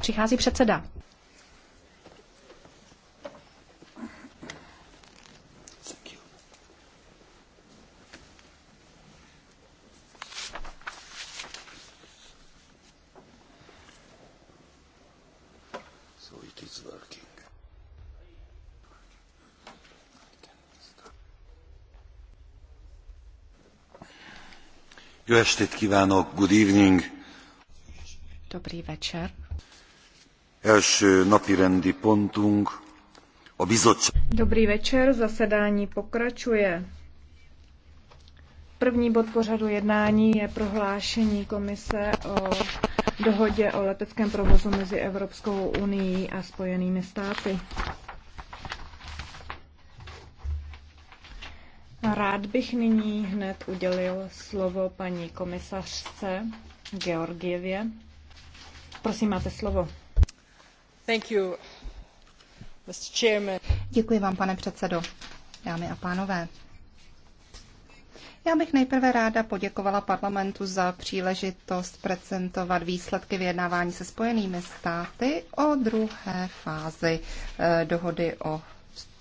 Přichází předseda. So it is Jó estét kívánok, good evening. Dobrý večer. Első rendi pontunk a bizottság. Dobrý večer, zasedání pokračuje. První bod pořadu jednání je prohlášení komise o dohodě o leteckém provozu mezi Evropskou unii a Spojenými státy. Rád bych nyní hned udělil slovo paní komisařce Georgievě. Prosím, máte slovo. Thank you, Mr. Chairman. Děkuji vám, pane předsedo. Dámy a pánové, já bych nejprve ráda poděkovala parlamentu za příležitost prezentovat výsledky vyjednávání se Spojenými státy o druhé fázi eh, dohody o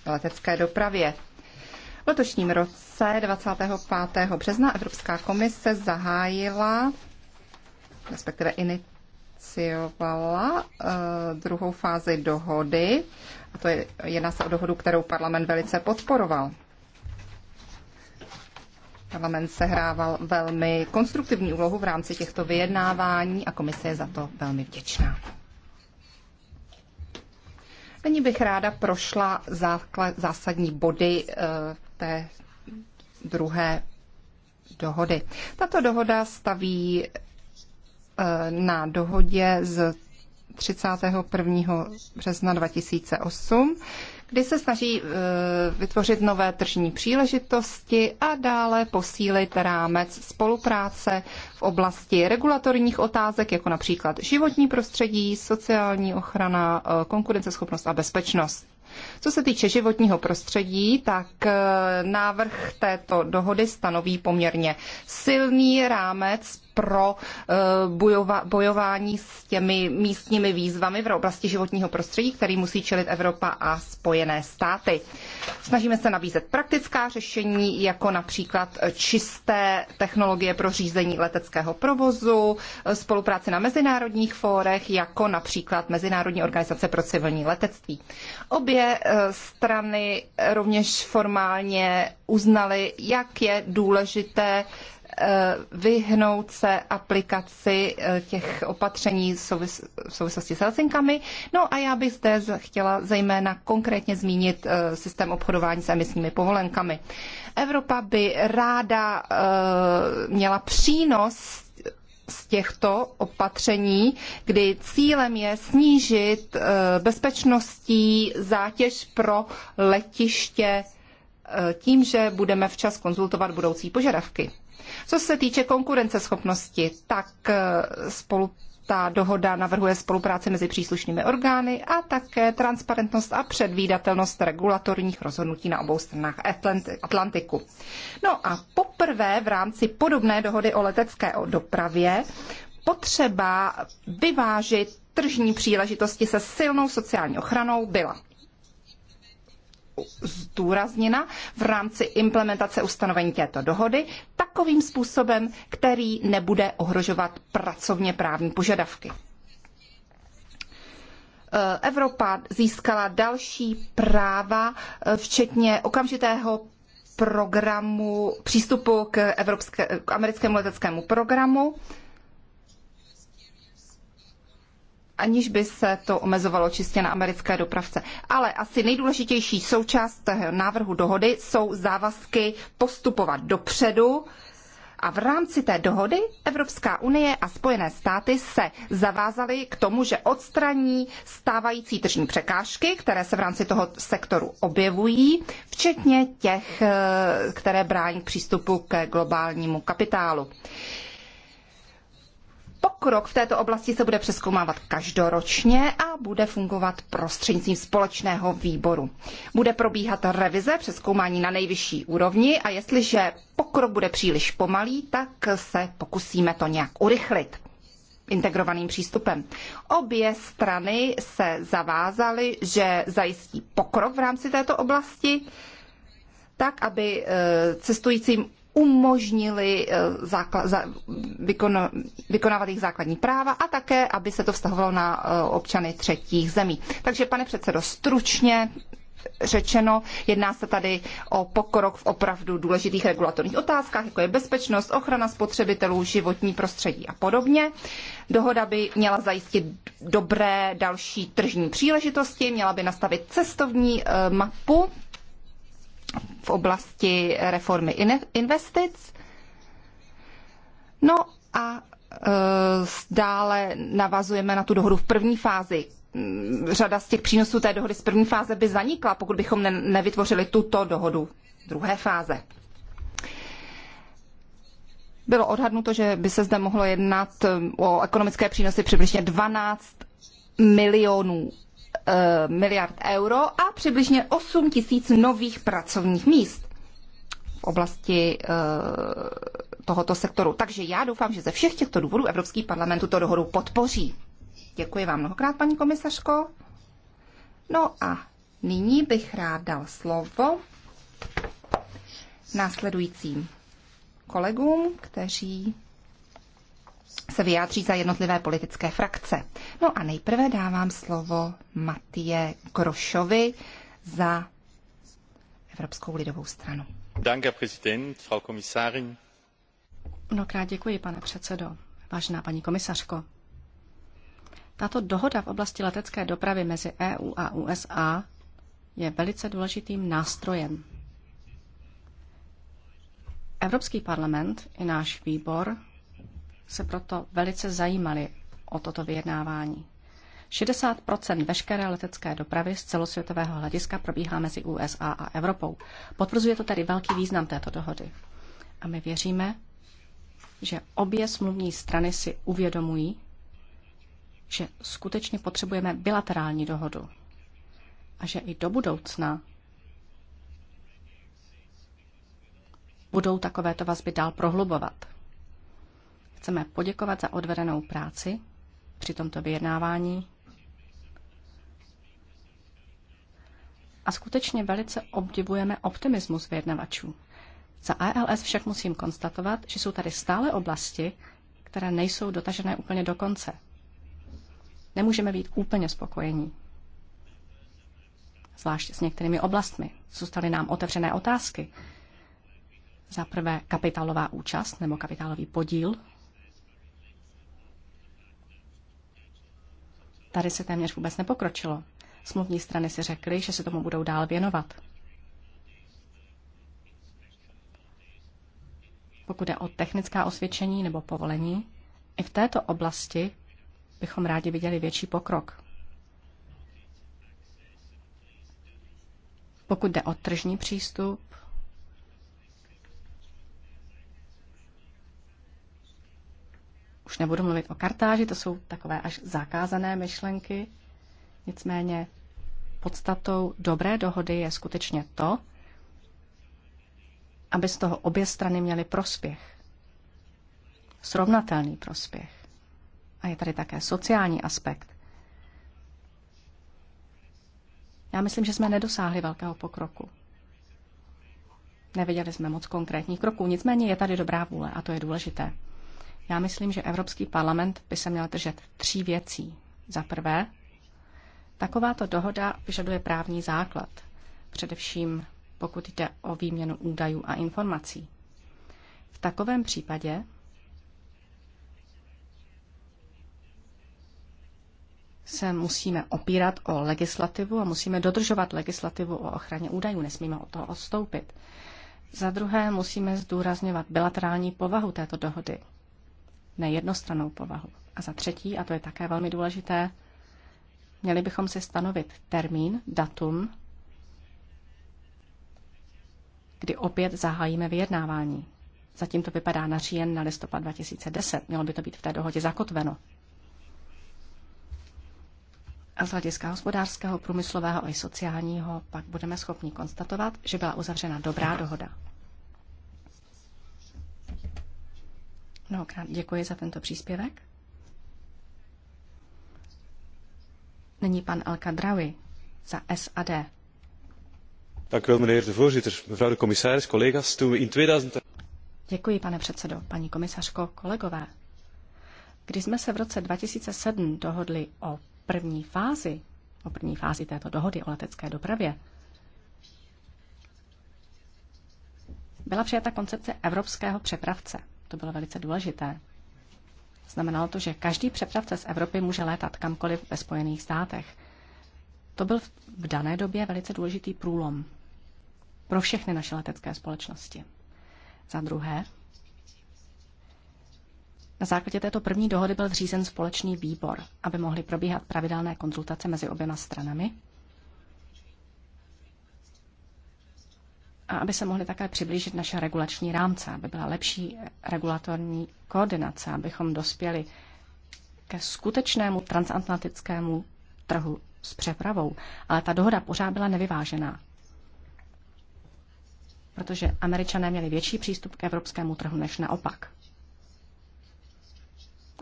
letecké dopravě. V letošním roce 25. března Evropská komise zahájila respektive iniciovala eh, druhou fázi dohody. A to je, jedna se o dohodu, kterou parlament velice podporoval. Parlament sehrával velmi konstruktivní úlohu v rámci těchto vyjednávání a komise je za to velmi vděčná. Nyní bych ráda prošla základ, zásadní body uh, té druhé dohody. Tato dohoda staví na dohodě z 31. března 2008, kdy se snaží eh, vytvořit nové tržní příležitosti a dále posílit rámec spolupráce v oblasti regulatorních otázek, jako například životní prostředí, sociální ochrana, eh, konkurenceschopnost a bezpečnost. Co se týče životního prostředí, tak eh, návrh této dohody stanoví poměrně silný rámec pro eh, bojova, bojování s těmi místními výzvami v oblasti životního prostředí, který musí čelit Evropa a Spojené státy. Snažíme se nabízet praktická řešení, jako například čisté technologie pro řízení leteckého provozu, eh, spolupráci na mezinárodních fórech, jako například Mezinárodní organizace pro civilní letectví. Obě Eh, strany rovněž formálně uznaly, jak je důležité eh, vyhnout se aplikaci eh, těch opatření v souvislosti s Helsinkami. No a já bych zde chtěla zejména konkrétně zmínit systém obchodování s emisními povolenkami. Evropa by ráda měla přínos z těchto opatření, kdy cílem je snížit eh, bezpečnostní zátěž pro letiště eh, tím, že budeme včas konzultovat budoucí požadavky. Co se týče konkurenceschopnosti, tak eh, spolu ta dohoda navrhuje spolupráci mezi příslušnými orgány a také transparentnost a předvídatelnost regulatorních rozhodnutí na obou stranách Atlantiku. No a poprvé v rámci podobné dohody o letecké dopravě potřeba vyvážit tržní příležitosti se silnou sociální ochranou byla zdůrazněna v rámci implementace ustanovení této dohody takovým způsobem, který nebude ohrožovat pracovně právní požadavky. Eh, Evropa získala další práva, eh, včetně okamžitého programu přístupu k, evropské, k americkému leteckému programu aniž by se to omezovalo čistě na americké dopravce. Ale asi nejdůležitější součást návrhu dohody jsou závazky postupovat dopředu, a v rámci té dohody Evropská unie a Spojené státy se zavázaly k tomu, že odstraní stávající tržní překážky, které se v rámci toho sektoru objevují, včetně těch, eh, které brání přístupu ke globálnímu kapitálu. Pokrok v této oblasti se bude přeskoumávat každoročně a bude fungovat prostřednictvím společného výboru. Bude probíhat revize přeskoumání na nejvyšší úrovni a jestliže pokrok bude příliš pomalý, tak se pokusíme to nějak urychlit integrovaným přístupem. Obě strany se zavázaly, že zajistí pokrok v rámci této oblasti, tak aby e, cestujícím umožnili eh, za, vykonávat jejich základní práva a také, aby se to vztahovalo na eh, občany třetích zemí. Takže, pane předsedo, stručně řečeno, jedná se tady o pokrok v opravdu důležitých regulatorních otázkách, jako je bezpečnost, ochrana spotřebitelů, životní prostředí a podobně. Dohoda by měla zajistit dobré další tržní příležitosti, měla by nastavit cestovní eh, mapu v oblasti reformy investic. No a e, dále navazujeme na tu dohodu v první fázi. Mm, řada z těch přínosů té dohody z první fáze by zanikla, pokud bychom ne- nevytvořili tuto dohodu druhé fáze. Bylo odhadnuto, že by se zde mohlo jednat e, o ekonomické přínosy přibližně 12 milionů Eh, miliard euro a přibližně 8 tisíc nových pracovních míst v oblasti eh, tohoto sektoru. Takže já doufám, že ze všech těchto důvodů Evropský parlament tuto dohodu podpoří. Děkuji vám mnohokrát, paní komisařko. No a nyní bych rád dal slovo následujícím kolegům, kteří se vyjádří za jednotlivé politické frakce. No a nejprve dávám slovo Matie Grošovi za Evropskou lidovou stranu. Danke, prezident, Frau Kommissarin. Mnohokrát děkuji, pane předsedo. Vážená paní komisařko, tato dohoda v oblasti letecké dopravy mezi EU a USA je velice důležitým nástrojem. Evropský parlament i náš výbor se proto velice zajímali o toto vyjednávání. 60 veškeré letecké dopravy z celosvětového hlediska probíhá mezi USA a Evropou. Potvrzuje to tedy velký význam této dohody. A my věříme, že obě smluvní strany si uvědomují, že skutečně potřebujeme bilaterální dohodu a že i do budoucna budou takovéto vazby dál prohlubovat. Chceme poděkovat za odvedenou práci při tomto vyjednávání a skutečně velice obdivujeme optimismus vyjednavačů. Za ALS však musím konstatovat, že jsou tady stále oblasti, které nejsou dotažené úplně do konce. Nemůžeme být úplně spokojení. Zvlášť s některými oblastmi. Zůstaly nám otevřené otázky. Za prvé kapitálová účast nebo kapitálový podíl Tady se téměř vůbec nepokročilo. Smluvní strany si řekly, že se tomu budou dál věnovat. Pokud je o technická osvědčení nebo povolení, i v této oblasti bychom rádi viděli větší pokrok. Pokud jde o tržní přístup, Už nebudu mluvit o kartáži, to jsou takové až zakázané myšlenky. Nicméně podstatou dobré dohody je skutečně to, aby z toho obě strany měly prospěch. Srovnatelný prospěch. A je tady také sociální aspekt. Já myslím, že jsme nedosáhli velkého pokroku. Neviděli jsme moc konkrétních kroků, nicméně je tady dobrá vůle a to je důležité. Já myslím, že Evropský parlament by se měl držet tří věcí. Za prvé, takováto dohoda vyžaduje právní základ, především pokud jde o výměnu údajů a informací. V takovém případě se musíme opírat o legislativu a musíme dodržovat legislativu o ochraně údajů, nesmíme od toho odstoupit. Za druhé musíme zdůrazňovat bilaterální povahu této dohody, ne jednostranou povahu. A za třetí, a to je také velmi důležité, měli bychom si stanovit termín, datum, kdy opět zahájíme vyjednávání. Zatím to vypadá na říjen na listopad 2010. Mělo by to být v té dohodě zakotveno. A z hlediska hospodářského, průmyslového a i sociálního pak budeme schopni konstatovat, že byla uzavřena dobrá dohoda. Mnohokrát děkuji za tento příspěvek. Není pan Alkadrawi za SAD. Dank u wel, meneer de voorzitter, mevrouw de commissaris, collega's. Toen we in 2000... Děkuji, pane předsedo, paní komisařko, kolegové. Když jsme se v roce 2007 dohodli o první fázi, o první fázi této dohody o letecké dopravě, byla přijata koncepce evropského přepravce – to bylo velice důležité. Znamenalo to, že každý přepravce z Evropy může létat kamkoliv ve Spojených státech. To byl v dané době velice důležitý průlom pro všechny naše letecké společnosti. Za druhé, na základě této první dohody byl zřízen společný výbor, aby mohly probíhat pravidelné konzultace mezi oběma stranami a aby se mohly také přiblížit naše regulační rámce, aby byla lepší regulatorní koordinace, abychom dospěli ke skutečnému transatlantickému trhu s přepravou. Ale ta dohoda pořád byla nevyvážená, protože američané měli větší přístup k evropskému trhu než naopak.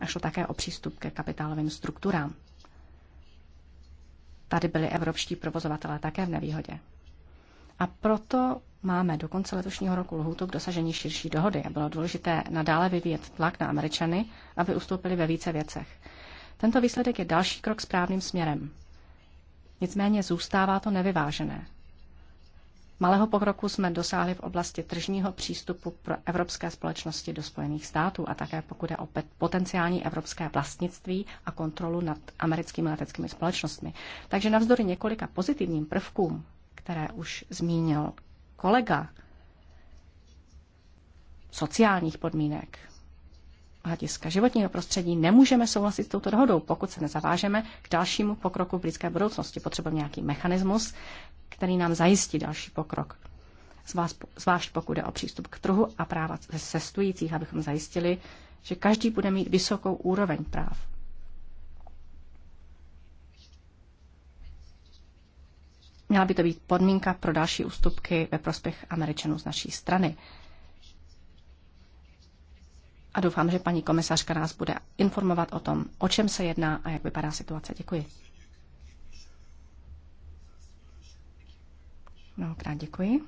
A šlo také o přístup ke kapitálovým strukturám. Tady byli evropští provozovatelé také v nevýhodě. A proto Máme do konce letošního roku lhůtu k dosažení širší dohody a bylo důležité nadále vyvíjet tlak na Američany, aby ustoupili ve více věcech. Tento výsledek je další krok správným směrem. Nicméně zůstává to nevyvážené. Malého pokroku jsme dosáhli v oblasti tržního přístupu pro evropské společnosti do Spojených států a také pokud je o potenciální evropské vlastnictví a kontrolu nad americkými leteckými společnostmi. Takže navzdory několika pozitivním prvkům, které už zmínil kolega sociálních podmínek, hlediska životního prostředí nemůžeme souhlasit s touto dohodou, pokud se nezavážeme k dalšímu pokroku v blízké budoucnosti. Potřebujeme nějaký mechanismus, který nám zajistí další pokrok. Zvlášť pokud jde o přístup k trhu a práva cestujících, abychom zajistili, že každý bude mít vysokou úroveň práv. Měla by to být podmínka pro další ústupky ve prospěch Američanů z naší strany. A doufám, že paní komisařka nás bude informovat o tom, o čem se jedná a jak vypadá situace. Děkuji. Mnohokrát děkuji.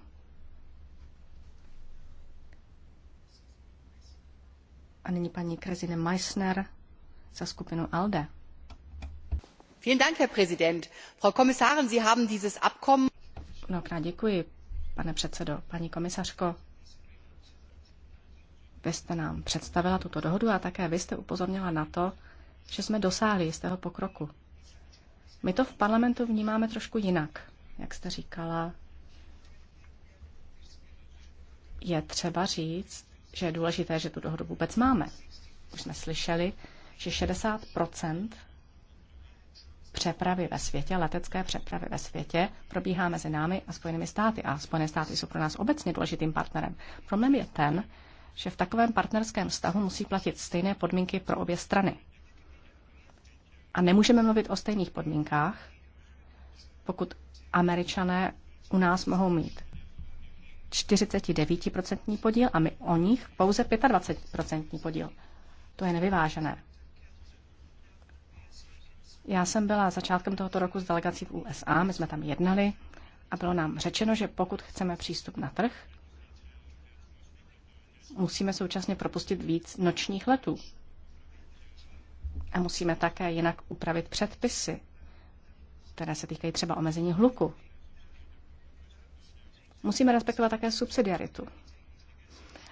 A nyní paní Krezine Meissner za skupinu ALDE herr präsident! frau kommissarin sie haben dieses abkommen. děkuji pane předsedo paní komisařko vy jste nám představila tuto dohodu a také vy jste upozornila na to že jsme dosáhli jistého pokroku. My to v parlamentu vnímáme trošku jinak. Jak jste říkala, je třeba říct, že je důležité, že tu dohodu vůbec máme. Už jsme slyšeli, že 60 přepravy ve světě, letecké přepravy ve světě, probíhá mezi námi a Spojenými státy. A Spojené státy jsou pro nás obecně důležitým partnerem. Problém je ten, že v takovém partnerském vztahu musí platit stejné podmínky pro obě strany. A nemůžeme mluvit o stejných podmínkách, pokud američané u nás mohou mít 49% podíl a my o nich pouze 25% podíl. To je nevyvážené. Já jsem byla začátkem tohoto roku s delegací v USA, my jsme tam jednali a bylo nám řečeno, že pokud chceme přístup na trh, musíme současně propustit víc nočních letů. A musíme také jinak upravit předpisy, které se týkají třeba omezení hluku. Musíme respektovat také subsidiaritu.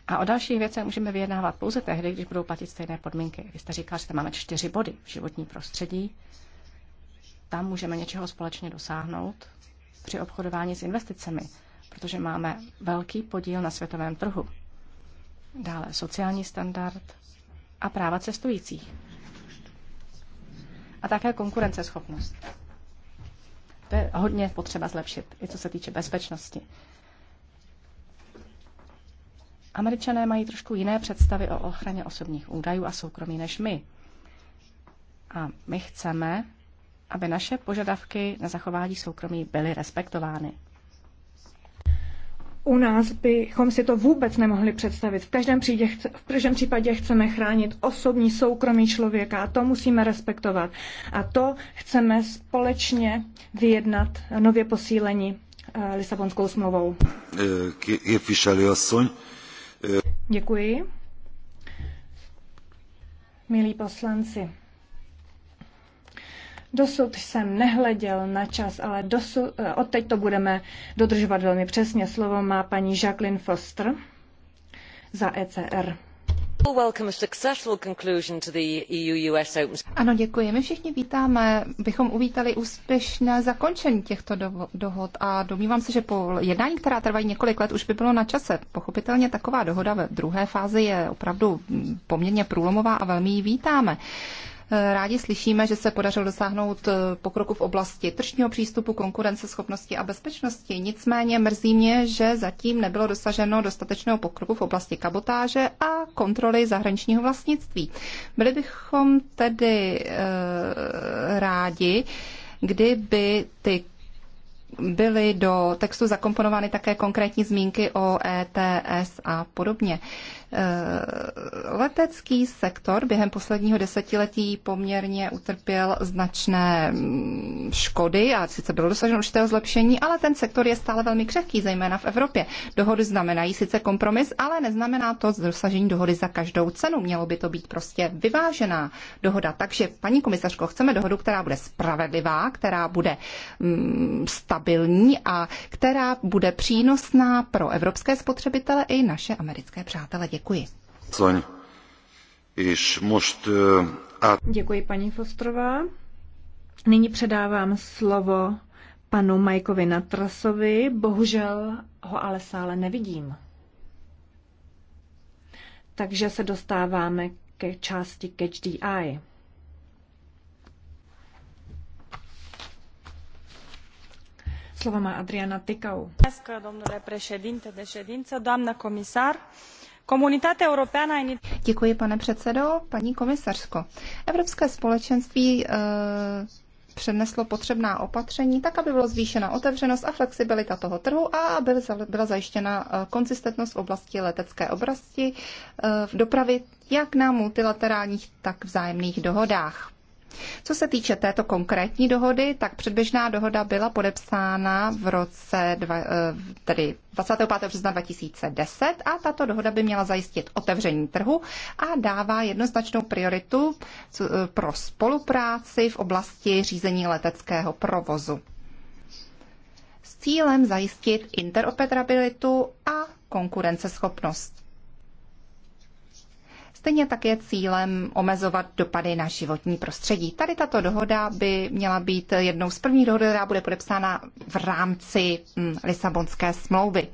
A o dalších věcech můžeme vyjednávat pouze tehdy, když budou platit stejné podmínky. Vy jste říkal, že tam máme čtyři body v životní prostředí. Tam můžeme něčeho společně dosáhnout při obchodování s investicemi, protože máme velký podíl na světovém trhu. Dále sociální standard a práva cestujících. A také konkurenceschopnost. To je hodně potřeba zlepšit, i co se týče bezpečnosti. Američané mají trošku jiné představy o ochraně osobních údajů a soukromí než my. A my chceme, aby naše požadavky na zachování soukromí byly respektovány. U nás bychom si to vůbec nemohli představit. V každém, přídě, v každém případě chceme chránit osobní soukromí člověka a to musíme respektovat. A to chceme společně vyjednat nově posílení eh, Lisabonskou smlouvou. je eh, asszony, Děkuji. Milí poslanci, Dosud jsem nehleděl na čas, ale dosud, teď to budeme dodržovat velmi přesně. Slovo má paní Jacqueline Foster za ECR. Ano, děkuji. My všichni vítáme, bychom uvítali úspěšné zakončení těchto dohod a domnívám se, že po jednání, která trvají několik let, už by bylo na čase. Pochopitelně taková dohoda ve druhé fázi je opravdu poměrně průlomová a velmi ji vítáme. Uh, Eh, rádi slyšíme, že se podařilo dosáhnout eh, pokroku v oblasti tržního přístupu, konkurenceschopnosti a bezpečnosti. Nicméně mrzí mě, že zatím nebylo dosaženo dostatečného pokroku v oblasti kabotáže a kontroly zahraničního vlastnictví. Byli bychom tedy eh, rádi, kdyby ty byly do textu zakomponovány také konkrétní zmínky o ETS a podobně. Eh, letecký sektor během posledního desetiletí poměrně utrpěl značné mm, škody a sice bylo dosaženo určitého zlepšení, ale ten sektor je stále velmi křehký, zejména v Evropě. Dohody znamenají sice kompromis, ale neznamená to dosažení dohody za každou cenu. Mělo by to být prostě vyvážená dohoda. Takže, paní komisařko, chceme dohodu, která bude spravedlivá, která bude mm, stabilní a která bude přínosná pro evropské spotřebitele i naše americké přátele. Děkuji. Děkuji. Eh, Děkuji, paní Fostrová. Nyní předávám slovo panu Majkovi Natrasovi. Bohužel ho ale sále nevidím. Takže se dostáváme ke části Catch the Eye. Slovo má Adriana Tykau. Domnule președinte de ședință, doamnă comisar, Komunitatea europeana... Děkuji, pane předsedo. Paní komisařko, Evropské společenství e, předneslo potřebná opatření tak, aby byla zvýšena otevřenost a flexibilita toho trhu a aby byla zajištěna eh, konzistentnost v oblasti letecké oblasti, eh, v dopravy jak na multilaterálních, tak vzájemných dohodách. Co se týče této konkrétní dohody, tak předběžná dohoda byla podepsána v roce dva, eh, tedy 25. března 2010 a tato dohoda by měla zajistit otevření trhu a dává jednoznačnou prioritu eh, pro spolupráci v oblasti řízení leteckého provozu s cílem zajistit interoperabilitu a konkurenceschopnost. Stejně tak je cílem omezovat dopady na životní prostředí. Tady tato dohoda by měla být jednou z prvních dohod, která bude podepsána v rámci mm, Lisabonské smlouvy.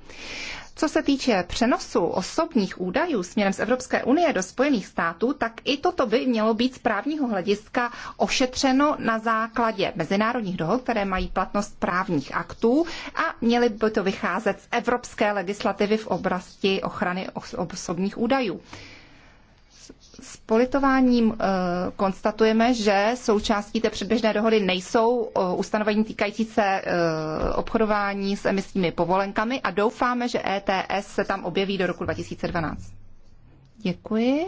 Co se týče přenosu osobních údajů směrem z Evropské unie do Spojených států, tak i toto by mělo být z právního hlediska ošetřeno na základě mezinárodních dohod, které mají platnost právních aktů a měly by to vycházet z evropské legislativy v oblasti ochrany osobních údajů s politováním eh, konstatujeme, že součástí té předběžné dohody nejsou eh, ustanovení týkající se eh, obchodování s emisními povolenkami a doufáme, že ETS se tam objeví do roku 2012. Děkuji.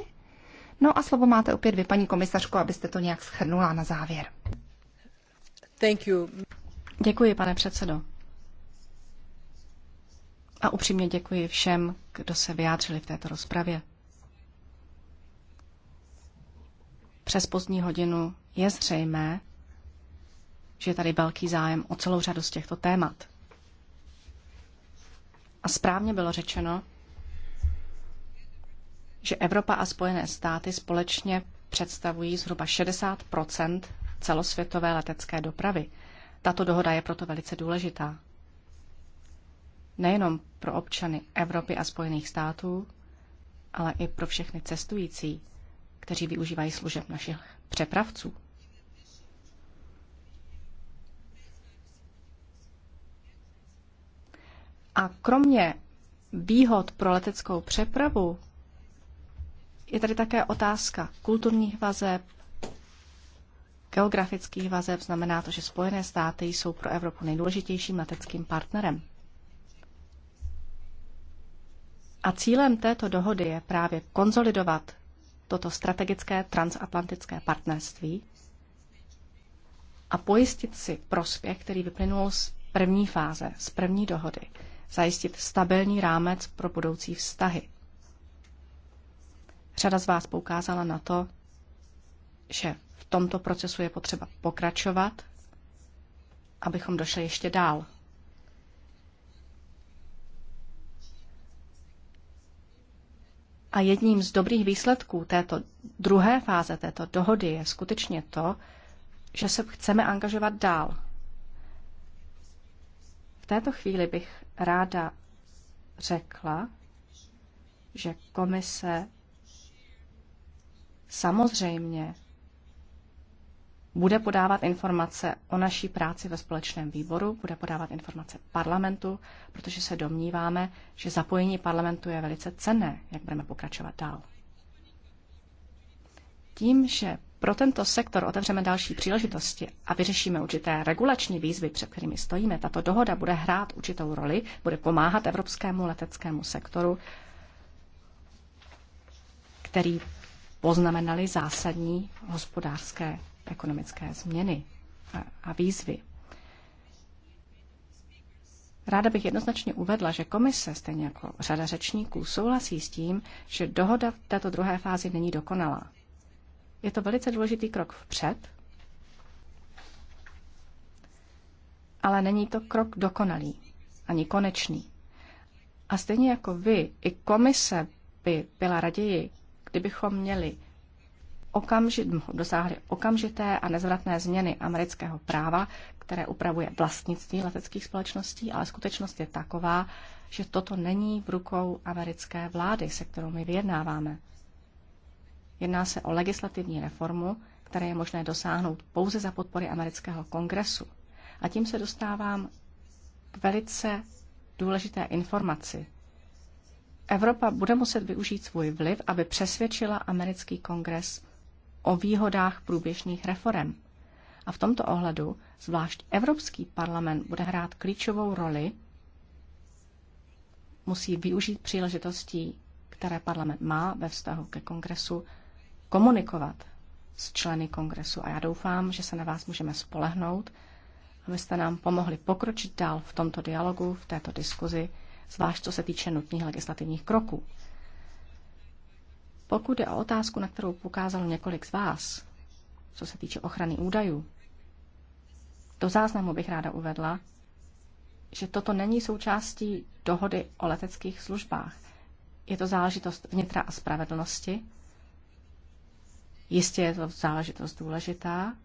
No a slovo máte opět vy, paní komisařko, abyste to nějak schrnula na závěr. Thank you. Děkuji, pane předsedo. A upřímně děkuji všem, kdo se vyjádřili v této rozpravě. přes pozdní hodinu, je zřejmé, že je tady velký zájem o celou řadu z těchto témat. A správně bylo řečeno, že Evropa a Spojené státy společně představují zhruba 60 celosvětové letecké dopravy. Tato dohoda je proto velice důležitá. Nejenom pro občany Evropy a Spojených států, ale i pro všechny cestující, kteří využívají služeb našich přepravců. A kromě výhod pro leteckou přepravu je tady také otázka kulturních vazeb, geografických vazeb. Znamená to, že Spojené státy jsou pro Evropu nejdůležitějším leteckým partnerem. A cílem této dohody je právě konzolidovat toto strategické transatlantické partnerství a pojistit si prospěch, který vyplynul z první fáze, z první dohody, zajistit stabilní rámec pro budoucí vztahy. Řada z vás poukázala na to, že v tomto procesu je potřeba pokračovat, abychom došli ještě dál, A jedním z dobrých výsledků této druhé fáze této dohody je skutečně to, že se chceme angažovat dál. V této chvíli bych ráda řekla, že komise samozřejmě bude podávat informace o naší práci ve společném výboru, bude podávat informace parlamentu, protože se domníváme, že zapojení parlamentu je velice cenné, jak budeme pokračovat dál. Tím, že pro tento sektor otevřeme další příležitosti a vyřešíme určité regulační výzvy, před kterými stojíme, tato dohoda bude hrát určitou roli, bude pomáhat evropskému leteckému sektoru, který poznamenali zásadní hospodářské ekonomické změny a, a výzvy. Ráda bych jednoznačně uvedla, že komise, stejně jako řada řečníků, souhlasí s tím, že dohoda v této druhé fázi není dokonalá. Je to velice důležitý krok vpřed, ale není to krok dokonalý, ani konečný. A stejně jako vy, i komise by byla raději, kdybychom měli okamži- dosáhly okamžité a nezvratné změny amerického práva, které upravuje vlastnictví leteckých společností, ale skutečnost je taková, že toto není v rukou americké vlády, se kterou my vyjednáváme. Jedná se o legislativní reformu, které je možné dosáhnout pouze za podpory amerického kongresu. A tím se dostávám k velice důležité informaci. Evropa bude muset využít svůj vliv, aby přesvědčila americký kongres o výhodách průběžných reform. A v tomto ohledu zvlášť Evropský parlament bude hrát klíčovou roli, musí využít příležitostí, které parlament má ve vztahu ke kongresu, komunikovat s členy kongresu. A já doufám, že se na vás můžeme spolehnout, abyste nám pomohli pokročit dál v tomto dialogu, v této diskuzi, zvlášť co se týče nutných legislativních kroků. Pokud je o otázku, na kterou pokázalo několik z vás, co se týče ochrany údajů, do záznamu bych ráda uvedla, že toto není součástí dohody o leteckých službách. Je to záležitost vnitra a spravedlnosti. Jistě je to záležitost důležitá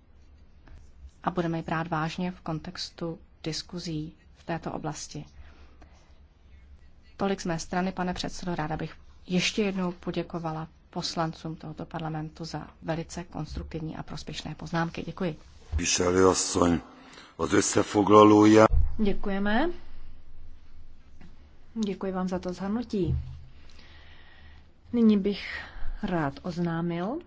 a budeme ji brát vážně v kontextu diskuzí v této oblasti. Tolik z mé strany, pane předsedo, ráda bych ještě jednou poděkovala poslancům tohoto parlamentu za velice konstruktivní a prospěšné poznámky. Děkuji. Děkujeme. Děkuji vám za to zhrnutí. Nyní bych rád oznámil,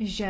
že